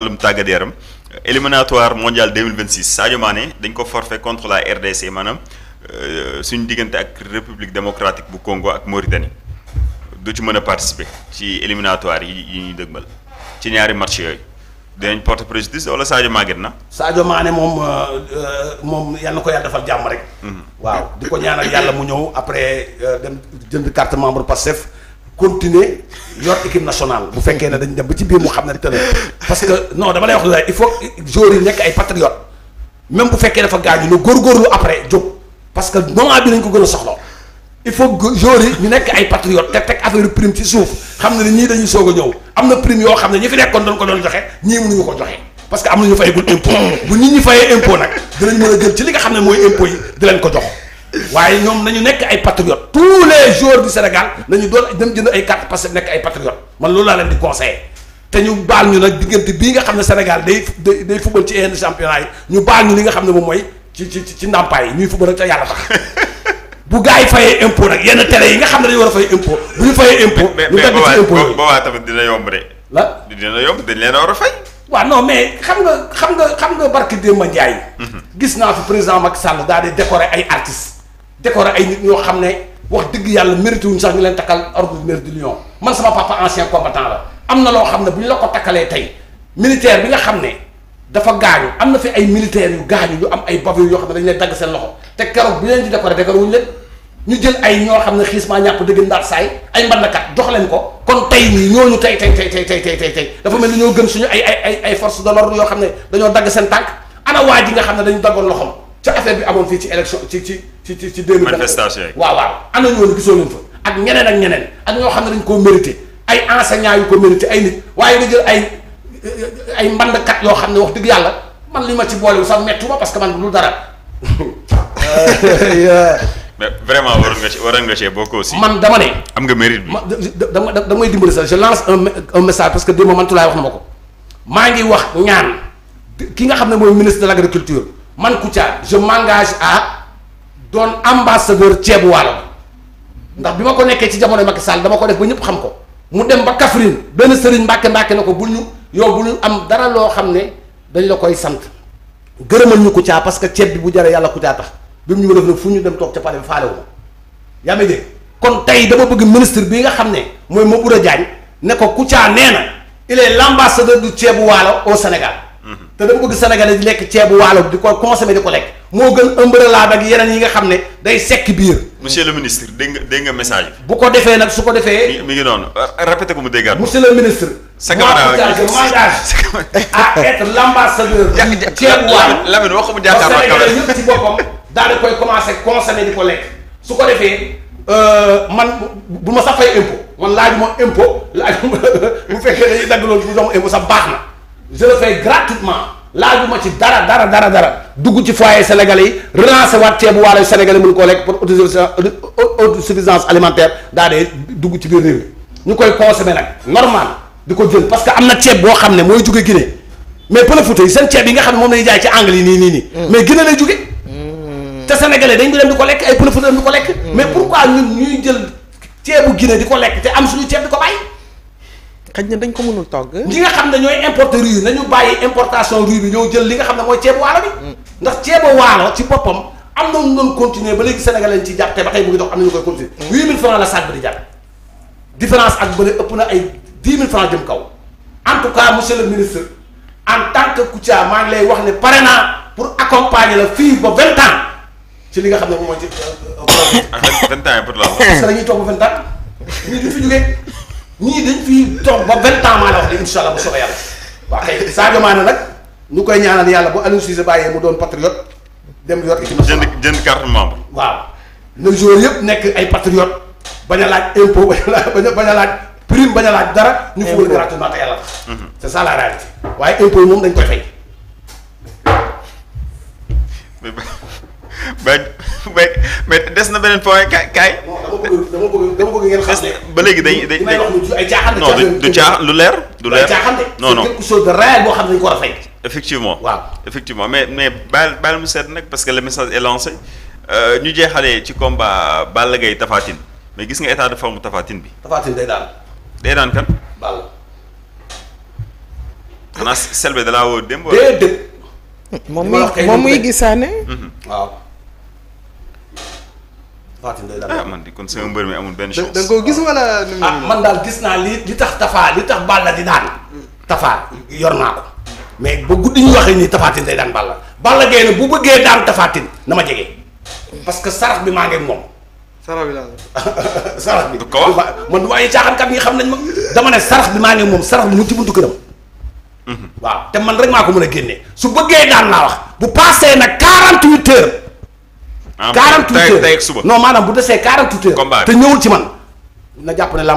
wàllum tàggat yaram éliminatoire mondial 2026 Sadio Mané dañ ko forfait contre la RDC maanaam euh, diggante ak république démocratique bu Congo ak Mauritanie du ci mën a participer ci éliminatoire yi yi ñuy dëgmal ci ñaari match yooyu dinañ porter préjudice wala Sadio Maguette na. Sadio Mané moom euh, euh, moom yal na ko yàlla jàmm rek. Mhm. waaw di ko ñaanal yàlla mu ñëw après dem jënd carte membre Pastef. continuer yor équipe nationale bu fekkee ne dañ dem ba ci biir mu xam ne di tënk parce que non dama lay wax la il faut joueurs nekk ay patriotes même bu fekkee dafa gaañu góor góorgóorlu après jóg parce que moment bi lañ ko gën a soxla il faut joueurs yi ñu nekk ay patriotes te teg affaire prime ci suuf xam ne ñii dañuy soog a ñëw am na prime yoo xam ne ñu fi nekkoon doon ko doon joxe ñii mënuñu ko joxe parce que am na ñu fayagul impôt bu nit ñi fayee impôt jël ci li nga xam ne mooy impôt yi ko jox. waaye ñoom nañu nekk ay patriotes tous les jours du Sénégal nañu doon dem jënd ay carte parce que nekk ay patriotes man loolu laa leen di conseillé te ñu baal ñu nag nga xam ne Sénégal day day ci yenn championnat yi ñu baal ñu li nga xam ne moom mooy ci ci ci ndàmpaay yi ñuy fubal rek ca yàlla tax bu gars fayee impôt nag yenn télé yi nga xam ne dañu war a fay impôt bu ñu fayee impôt ñu dagg ci impôt dina yomb de la dina yomb dañ leen war a fay waaw no mais xam nga xam nga xam nga barki Demba Ndiaye mhm. gis naa fi président Macky Sall daal di décorer ay artistes décorer ay nit ñoo xam ne wax dëgg yàlla mérité wuñ sax ñu leen takkal ordre du mérite du lion man sama papa ancien combattant la am na loo xam ne bu ñu la ko takkalee tey militaire bi nga xam ne dafa gaañu am na fi ay militaires yu gaañu yu am ay bavure yoo xam ne dañu leen dagg seen loxo te keroog bu leen di décorer décorer wuñu leen ñu jël ay ñoo xam ne xiis maa ñàpp dëgg ndaat saay ay mbandkat jox leen ko kon tey nii ñooñu tey tey tey tey tey tey tey tey dafa mel ni ñoo gën suñu ay ay ay force de l'ordre yoo xam ne dañoo dagg seen tànk ana waa ji nga xam ne dañu daggoon loxom ca affaire bi amoon fii ci élection ci ci ci ci ci démb. manifestation yi waaw waaw oo ñooñu gisoo leen fa ak ñeneen ak ñeneen ak ñoo xam ne dañ koo mérité ay enseignants yu ko mérité ay nit waaye da jël ay ay mbandkat yoo xam ne wax dëgg yàlla man li ma ci boolewul sax mettu ma parce que man lu dara. mais vraiment waroon nga ci waroon nga man dama ne. am nga ma dama da may dimbali sax lance un parce que démb man Tulaay wax na ma ko maa ngi wax ñaan ki nga xam ne mooy ministre de l' agriculture man Kouthia je m' engage doon ambassadeur ceebu waalo ndax bi ma ko nekkee ci jamono Macky Sall dama ko def ba ñëpp xam ko mu dem ba Kaffrine benn sëriñ Mbàkke Mbàkke na ko bu ñu yow bul ñu am dara loo xam ne dañu la koy sant gërëmal ñu Kouthia parce que ceeb bi bu jaree yàlla Kouthia tax bi mu ñu def nag fu ñu dem toog ca pare bi faale wu kon tey dama bëgg ministre bi nga xam ne mooy Mamoura Diagne ne ko Kouthia nee na il est l' ambassadeur du ceebu waalo au Sénégal te dama bëgg Sénégalais di lekk ceebu waalo di ko consommer di ko lekk moo gën ëmbaralaat ak yeneen yi nga xam ne day sekk biir. monsieur le ministre dégg nga dégg nga message bu ko defee nag su ko defee. mi ngi noonu répété ko mu déggaat. monsieur le ministre. sa camarade à être l' ambassadeur. Lamine wax ko mu jàkkaarloo ak Sénégal ñëpp ci boppam daal di koy ko lekk su ko defee euh, man bu ma sax fay impôt man laaj ma impôt laaj bu fekkee dañuy dagg loolu bu jox ma impôt sax baax na je le fais gratuitement laajuma ci dara dara dara dara. dugg ci foyer sénégalais yi relancé waat ceebu waalo sénégalais mun koo lekk pour autosuffisance alimentaire daa dugg ci biir réew ñu koy consommer nag normal di ko jël parce que am na ceeb boo xam ne mooy jóge Guinée mais pëlafouta yi seen ceeb yi nga xam ne moom lañuy jaay ci anglais yi nii nii nii mm. mais Guinée lay jóge mm. te sénégalais dañ ko dem di ko lekk ay pëlafouta di ko lekk mm. mais pourquoi ñun ñuy jël ceebu Guinée di ko lekk te am suñu ceeb di ko bàyyi xëy na dañ ko mënul togg. ñi nga xam ne ñooy importer riz nañu bàyyi importation riz bi ñoo jël li xam ne mooy ceebu waalo ndax ceebu waalo ci boppam am na ñu doon continuer ba léegi Sénégal lañ ci jàpp te ba tey mu dox am na ñu koy continuer. 8000F mm. la saag bi di jàpp. différence ak bële ëpp na ay 10000F jëm kaw en tout cas monsieur le ministre en tant que Kouthia maa lay wax ne pare naa pour accompagner la fii ba 20 ans ci li nga xam ne moom mooy ci. Euh, euh, euh, ak ah, 20 la. parce que dañuy toog ba 20 ans ñii duñ fi jugee ñii dañ fi toog ba 20 ans maa la wax de incha allah bu soobee yàlla waa kay ñu koy ñaanal yàlla bu Aliou Cissé bàyyee mu doon patriote dem yor équipe jënd jënd carte membre. waaw le joueur yëpp nekk ay patriote bañ a laaj impôt bañ a laaj bañ a laaj prime bañ a laaj dara. ñu football gratuitement te yàlla tax. Mhm. c'est ça la réalité waaye impôt moom dañ koy fay. des na beneen point kaay kaay. dama bëgg dama bëgg ngeen xam ne ba léegi dañ dañ dañ. ay caaxaan non du lu leer. du leer non non quelque chose de réel effectivement waaw effectivement mais mais baal baal mu seet nag parce que le message est euh, ñu jeexalee ci combat Balla Gaye Tapha Tine mais gis nga état de forme Tapha bi. Tapha Tine day daan. day daan kan. Balla. xanaa da laa woo démb. déedéet. moom muy moom gisaane. Mhm. waaw. Tapha day daan ah kon sama mbër mi amul benn gis wala. Ah, man daal gis naa li li tax Tapha di daan. Tapha yor naa ko. mais ba guddi ñu waxee ni Tapha Tine day daan Balla Balla Gaye nag bu bëggee daan tafaatin Tine na ma jege parce que sarax bi maa ngi moom. sarax bi laa sarax bi. ko wax man waaye caaxaankat ñi xam nañ ma. dama ne sarax maa ngi moom sarax bi mu ci buntu këram. Mhm. waaw te man rek maa ko mën a génne su bëggee daan naa wax bu passé nag 48 heures. ah 48 heures non maanaam bu desee 48 heures. te ñëwul ci man na jàpp ne lamb.